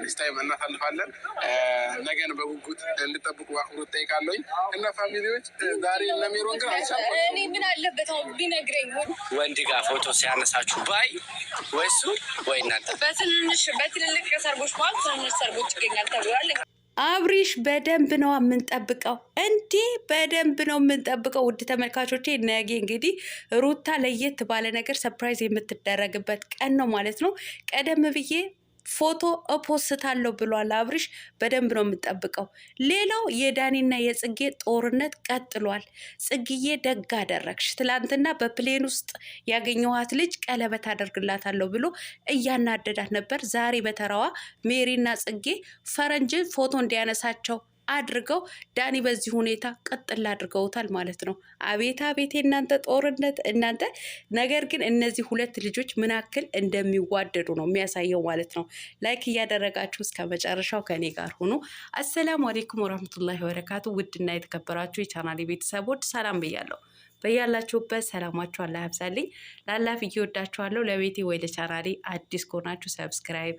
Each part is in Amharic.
አዲስታይም እናሳልፋለን። ነገን በጉጉት እንድጠብቁ በአክብሮት እጠይቃለሁ እና ፋሚሊዎች ዛሬ እነ ሜሮን ግን እኔ ምን አለበት አሁን ቢነግረኝ ወንድ ጋር ፎቶ ሲያነሳችሁ ባይ ወይ እሱ ወይ እናንተ በትንንሽ በትልልቅ ሰርጎች በኋላ ትንንሽ ሰርጎች ይገኛል ተብሏል። አብሪሽ በደንብ ነው የምንጠብቀው፣ እንዴ በደንብ ነው የምንጠብቀው። ውድ ተመልካቾቼ ነገ እንግዲህ ሩታ ለየት ባለ ነገር ሰፕራይዝ የምትደረግበት ቀን ነው ማለት ነው። ቀደም ብዬ ፎቶ እፖስታለሁ ብሏል አብርሽ። በደንብ ነው የምጠብቀው። ሌላው የዳኒና የጽጌ ጦርነት ቀጥሏል። ጽግዬ ደግ አደረግሽ፣ ትላንትና በፕሌን ውስጥ ያገኘኋት ልጅ ቀለበት አደርግላታለሁ ብሎ እያናደዳት ነበር። ዛሬ በተራዋ ሜሪና ጽጌ ፈረንጅን ፎቶ እንዲያነሳቸው አድርገው ዳኒ በዚህ ሁኔታ ቀጥል አድርገውታል ማለት ነው። አቤት አቤት እናንተ ጦርነት እናንተ። ነገር ግን እነዚህ ሁለት ልጆች ምን ያክል እንደሚዋደዱ ነው የሚያሳየው ማለት ነው። ላይክ እያደረጋችሁ እስከ መጨረሻው ከኔ ጋር ሆኖ አሰላሙ አሌይኩም ወረህመቱላሂ ወበረካቱ። ውድና የተከበራችሁ የቻናሌ ቤተሰቦች ሰላም ብያለሁ። በያላችሁበት ሰላማችሁ አላህ ያብዛልኝ። ላላፍ እየወዳችኋለሁ። ለቤቴ ወይ ለቻናሌ አዲስ ከሆናችሁ ሰብስክራይብ፣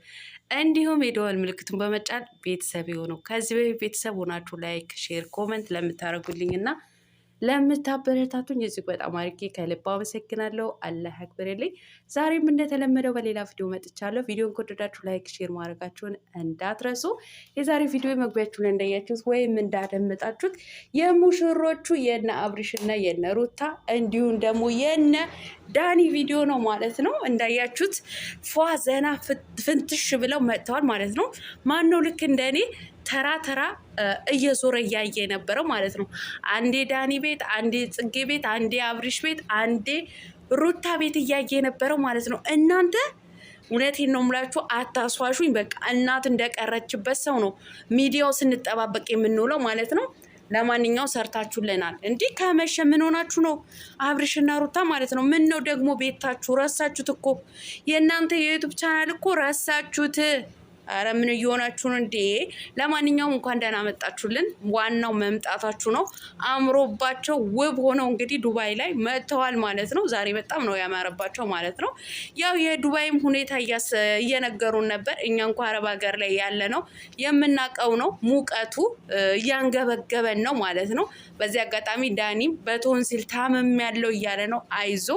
እንዲሁም የደወል ምልክቱን በመጫን ቤተሰብ የሆነው ከዚህ በፊት ቤተሰብ ሆናችሁ ላይክ፣ ሼር፣ ኮመንት ለምታደርጉልኝ እና ለምታበረታቱኝ እጅግ በጣም አድርጌ ከልባ አመሰግናለሁ። አላህ ያክብርልኝ። ዛሬም እንደተለመደው በሌላ ቪዲዮ መጥቻለሁ። ቪዲዮን ከወደዳችሁ ላይክ፣ ሼር ማድረጋችሁን እንዳትረሱ። የዛሬ ቪዲዮ መግቢያችሁን እንዳያችሁት ወይም እንዳደመጣችሁት የሙሽሮቹ የነ አብሪሽና የነ ሩታ እንዲሁም ደግሞ የነ ዳኒ ቪዲዮ ነው ማለት ነው። እንዳያችሁት ፏ ዘና ፍንትሽ ብለው መጥተዋል ማለት ነው። ማን ነው ልክ እንደኔ ተራ ተራ እየዞረ እያየ የነበረው ማለት ነው። አንዴ ዳኒ ቤት፣ አንዴ ጽጌ ቤት፣ አንዴ አብሪሽ ቤት፣ አንዴ ሩታ ቤት እያየ የነበረው ማለት ነው። እናንተ እውነቴን ነው የምላችሁ፣ አታስዋሹኝ። በቃ እናት እንደቀረችበት ሰው ነው ሚዲያው ስንጠባበቅ የምንውለው ማለት ነው። ለማንኛው ሰርታችሁልናል። እንዲህ ከመሸ ምን ሆናችሁ ነው? አብርሽና ሩታ ማለት ነው። ምን ነው ደግሞ ቤታችሁ ረሳችሁት እኮ የእናንተ የዩቱብ ቻናል እኮ ረሳችሁት። አረ ምን እየሆናችሁን እንዴ? ለማንኛውም እንኳን ደህና መጣችሁልን። ዋናው መምጣታችሁ ነው። አምሮባቸው ውብ ሆነው እንግዲህ ዱባይ ላይ መጥተዋል ማለት ነው። ዛሬ በጣም ነው ያማረባቸው ማለት ነው። ያው የዱባይም ሁኔታ እየነገሩን ነበር። እኛ እንኳ አረብ ሀገር ላይ ያለ ነው የምናውቀው ነው። ሙቀቱ እያንገበገበን ነው ማለት ነው። በዚህ አጋጣሚ ዳኒም በቶንሲል ታመም ያለው እያለ ነው። አይዞ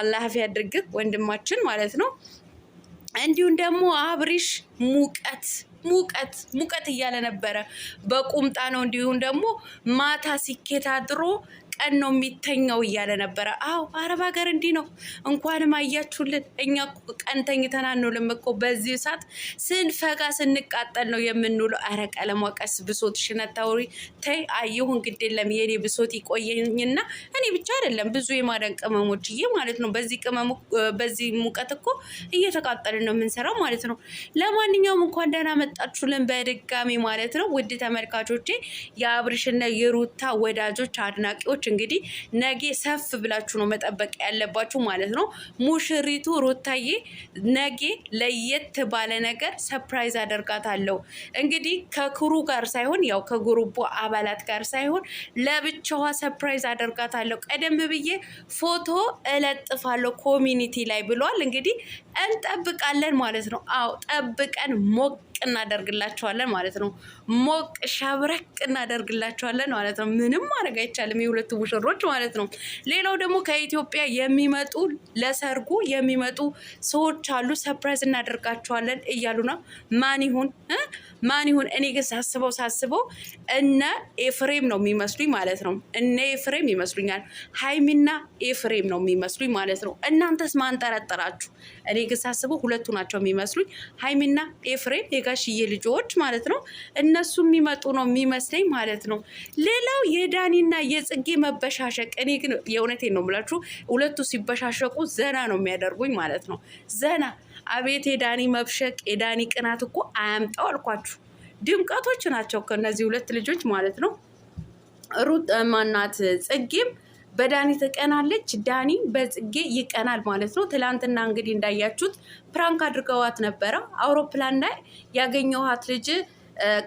አላህ ሀፊ ያድርግህ ወንድማችን ማለት ነው። እንዲሁም ደግሞ አብሪሽ ሙቀት ሙቀት ሙቀት እያለ ነበረ። በቁምጣ ነው። እንዲሁም ደግሞ ማታ ሲኬታድሮ ቀን ነው የሚተኛው እያለ ነበረ። አዎ አረብ ሀገር እንዲህ ነው። እንኳንም አያችሁልን። እኛ ቀን ተኝተን አንውልም እኮ በዚህ እሳት ስንፈጋ ስንቃጠል ነው የምንውለው። አረ ቀለሟ ቀስ ብሶት አታውሪ ተይ። አይሁን ግድ የለም የኔ ብሶት ይቆየኝና እኔ ብቻ አይደለም ብዙ የማዳን እዬ ማለት ነው። በዚህ ቅመሙ በዚህ ሙቀት እኮ እየተቃጠልን ነው የምንሰራው ማለት ነው። ለማንኛውም እንኳን ደህና መጣችሁልን በድጋሚ ማለት ነው ውድ ተመልካቾቼ የአብርሽና የሩታ ወዳጆች አድናቂዎች እንግዲህ ነጌ ሰፍ ብላችሁ ነው መጠበቅ ያለባችሁ ማለት ነው። ሙሽሪቱ ሩታዬ ነጌ ለየት ባለ ነገር ሰፕራይዝ አደርጋታለሁ። እንግዲህ ከክሩ ጋር ሳይሆን ያው ከጉሩቦ አባላት ጋር ሳይሆን ለብቻዋ ሰፕራይዝ አደርጋታለሁ። ቀደም ብዬ ፎቶ እለጥፋለሁ ኮሚኒቲ ላይ ብሏል። እንግዲህ እንጠብቃለን ማለት ነው። አዎ ጠብቀን ሞቅ እናደርግላቸዋለን ማለት ነው። ሞቅ ሻብረቅ እናደርግላቸዋለን ማለት ነው። ምንም ማድረግ አይቻልም፣ የሁለቱ ሙሽሮች ማለት ነው። ሌላው ደግሞ ከኢትዮጵያ የሚመጡ ለሰርጉ የሚመጡ ሰዎች አሉ። ሰርፕራይዝ እናደርጋቸዋለን እያሉ ነው። ማን ይሁን ማን ይሁን? እኔ ግን ሳስበው ሳስበው እነ ኤፍሬም ነው የሚመስሉኝ ማለት ነው። እነ ኤፍሬም ይመስሉኛል። ሀይሚና ኤፍሬም ነው የሚመስሉኝ ማለት ነው። እናንተስ ማን ጠረጠራችሁ? እኔ ግን ሳስበው ሁለቱ ናቸው የሚመስሉኝ፣ ሀይሚና ኤፍሬም የጋሽዬ ልጆች ማለት ነው። እነሱ የሚመጡ ነው የሚመስለኝ ማለት ነው። ሌላው የዳኒና የጽጌ መበሻሸቅ፣ እኔ ግን የእውነቴን ነው የምላችሁ፣ ሁለቱ ሲበሻሸቁ ዘና ነው የሚያደርጉኝ ማለት ነው። ዘና አቤት የዳኒ መብሸቅ፣ የዳኒ ቅናት እኮ አያምጠው አልኳችሁ። ድምቀቶች ናቸው ከእነዚህ ሁለት ልጆች ማለት ነው። ሩጥ ማናት ጽጌም በዳኒ ትቀናለች፣ ዳኒ በጽጌ ይቀናል ማለት ነው። ትላንትና እንግዲህ እንዳያችሁት ፕራንክ አድርገዋት ነበረ። አውሮፕላን ላይ ያገኘኋት ልጅ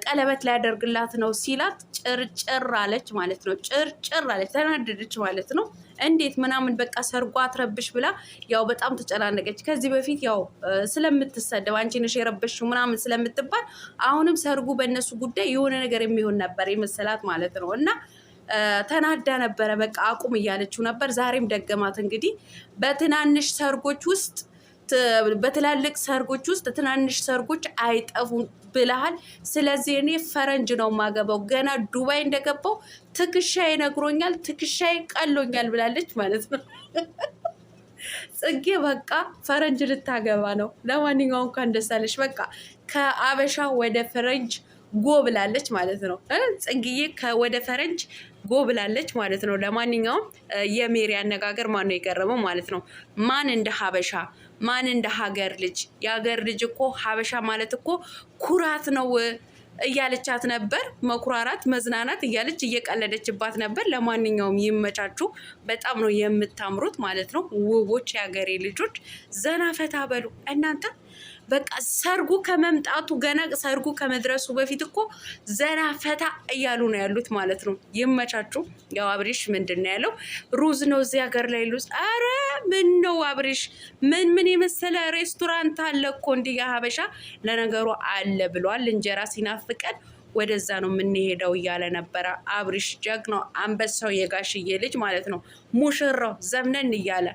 ቀለበት ሊያደርግላት ነው ሲላት ጭርጭር አለች ማለት ነው። ጭርጭር አለች ተናደደች ማለት ነው። እንዴት ምናምን በቃ ሰርጓ አትረብሽ ብላ ያው በጣም ተጨናነቀች። ከዚህ በፊት ያው ስለምትሰደብ አንቺ ነሽ የረበሽው ምናምን ስለምትባል አሁንም ሰርጉ በእነሱ ጉዳይ የሆነ ነገር የሚሆን ነበር የመሰላት ማለት ነው እና ተናዳ ነበረ። በቃ አቁም እያለችው ነበር። ዛሬም ደገማት። እንግዲህ በትናንሽ ሰርጎች ውስጥ በትላልቅ ሰርጎች ውስጥ ትናንሽ ሰርጎች አይጠፉም ብለሃል። ስለዚህ እኔ ፈረንጅ ነው ማገባው። ገና ዱባይ እንደገባው ትከሻዬ ነግሮኛል፣ ትከሻዬ ቀሎኛል ብላለች ማለት ነው። ጽጌ በቃ ፈረንጅ ልታገባ ነው። ለማንኛውም እንኳን ደስ አለሽ። በቃ ከአበሻ ወደ ፈረንጅ ጎ ብላለች ማለት ነው። ጽጌዬ ወደ ፈረንጅ ጎ ብላለች ማለት ነው። ለማንኛውም የሜሪ አነጋገር ማን ነው የገረመው ማለት ነው። ማን እንደ ሀበሻ ማን እንደ ሀገር ልጅ የሀገር ልጅ እኮ ሀበሻ ማለት እኮ ኩራት ነው እያለቻት ነበር። መኩራራት፣ መዝናናት እያለች እየቀለደችባት ነበር። ለማንኛውም ይመቻችሁ። በጣም ነው የምታምሩት ማለት ነው። ውቦች የሀገሬ ልጆች ዘና ፈታ በሉ እናንተ። በቃ ሰርጉ ከመምጣቱ ገና ሰርጉ ከመድረሱ በፊት እኮ ዘና ፈታ እያሉ ነው ያሉት ማለት ነው። ይመቻችሁ። ያው አብሪሽ ምንድን ነው ያለው? ሩዝ ነው እዚህ ሀገር ላይ ሉዝ። አረ ምን ነው አብሪሽ፣ ምን ምን የመሰለ ሬስቶራንት አለ እኮ እንዲህ የሀበሻ ለነገሩ አለ ብሏል። እንጀራ ሲናፍቀን ወደዛ ነው የምንሄደው እያለ ነበረ። አብርሽ ጀግናው አንበሳው የጋሽዬ ልጅ ማለት ነው፣ ሙሽራው ዘምነን እያለ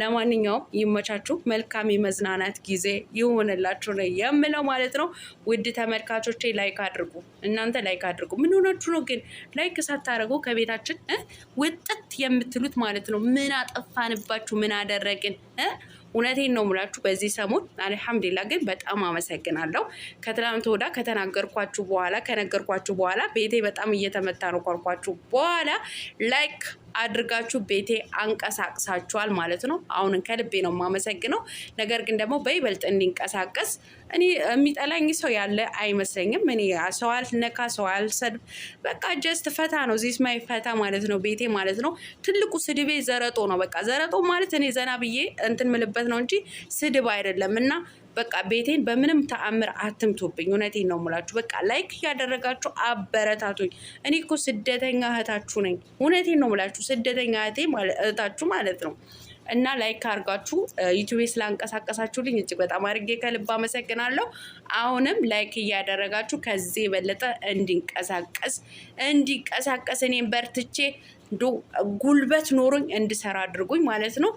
ለማንኛውም ይመቻችሁ፣ መልካም የመዝናናት ጊዜ ይሆንላችሁ ነው የምለው ማለት ነው። ውድ ተመልካቾቼ ላይክ አድርጉ፣ እናንተ ላይክ አድርጉ። ምን ሆናችሁ ነው ግን ላይክ ሳታደርጉ ከቤታችን ውጥት የምትሉት ማለት ነው? ምን አጠፋንባችሁ? ምን አደረግን? እውነቴን ነው ሙላችሁ። በዚህ ሰሞን አልሐምዱሊላ ግን በጣም አመሰግናለሁ። ከትላንት ወዳ ከተናገርኳችሁ በኋላ ከነገርኳችሁ በኋላ ቤቴ በጣም እየተመታ ነው ኳልኳችሁ በኋላ ላይክ አድርጋችሁ ቤቴ አንቀሳቅሳችኋል ማለት ነው። አሁን ከልቤ ነው የማመሰግነው። ነገር ግን ደግሞ በይበልጥ እንዲንቀሳቀስ እኔ የሚጠላኝ ሰው ያለ አይመስለኝም። እኔ ሰው አልነካ፣ ሰው አልሰድብ፣ በቃ ጀስት ፈታ ነው። ዚስ ማይ ፈታ ማለት ነው፣ ቤቴ ማለት ነው። ትልቁ ስድቤ ዘረጦ ነው። በቃ ዘረጦ ማለት እኔ ዘና ብዬ እንትን ምልበት ነው እንጂ ስድብ አይደለም እና በቃ ቤቴን በምንም ተአምር አትምቶብኝ። እውነቴን ነው ሙላችሁ። በቃ ላይክ እያደረጋችሁ አበረታቶኝ። እኔ እኮ ስደተኛ እህታችሁ ነኝ። እውነቴን ነው ሙላችሁ። ስደተኛ እህቴ እህታችሁ ማለት ነው። እና ላይክ አድርጋችሁ ዩቲቤ ስላንቀሳቀሳችሁልኝ እጅግ በጣም አድርጌ ከልብ አመሰግናለሁ። አሁንም ላይክ እያደረጋችሁ ከዚህ የበለጠ እንዲንቀሳቀስ እንዲንቀሳቀስ እኔም በርትቼ ጉልበት ኖሮኝ እንድሰራ አድርጉኝ ማለት ነው።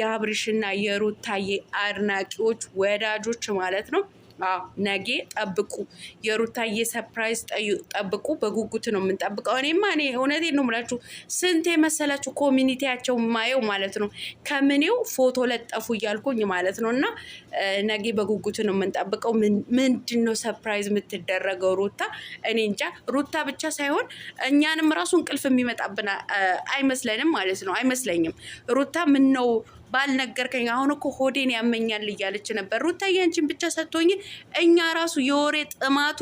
የአብርሽና የሩታዬ አድናቂዎች ወዳጆች ማለት ነው። ነገ ጠብቁ፣ የሩታዬ ሰፕራይዝ ጠብቁ። በጉጉት ነው የምንጠብቀው። እኔማ እኔ እውነቴን ነው የምላችሁ፣ ስንት የመሰላችሁ ኮሚኒቲያቸው ማየው ማለት ነው ከምኔው ፎቶ ለጠፉ እያልኩኝ ማለት ነው። እና ነገ በጉጉት ነው የምንጠብቀው። ምንድን ነው ሰፕራይዝ የምትደረገው ሩታ? እኔ እንጃ። ሩታ ብቻ ሳይሆን እኛንም ራሱ እንቅልፍ የሚመጣብን አይመስለንም ማለት ነው። አይመስለኝም ሩታ ምን ነው ባልነገርከኝ አሁን እኮ ሆዴን ያመኛል እያለች ነበር። ሩታዬ አንቺን ብቻ ሰጥቶኝ እኛ ራሱ የወሬ ጥማቱ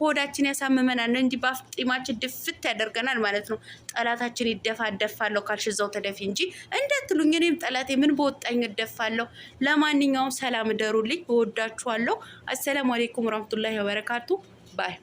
ሆዳችን ያሳምመናል እንጂ በአፍጢማችን ድፍት ያደርገናል ማለት ነው። ጠላታችን ይደፋ እደፋለሁ ካልሽ እዛው ተደፊ እንጂ እንዳትሉኝ፣ እኔም ጠላቴ ምን በወጣኝ እደፋለሁ። ለማንኛውም ሰላም እደሩልኝ፣ እወዳችኋለሁ። አሰላሙ አሌይኩም ረህመቱላሂ ወበረካቱ ባይ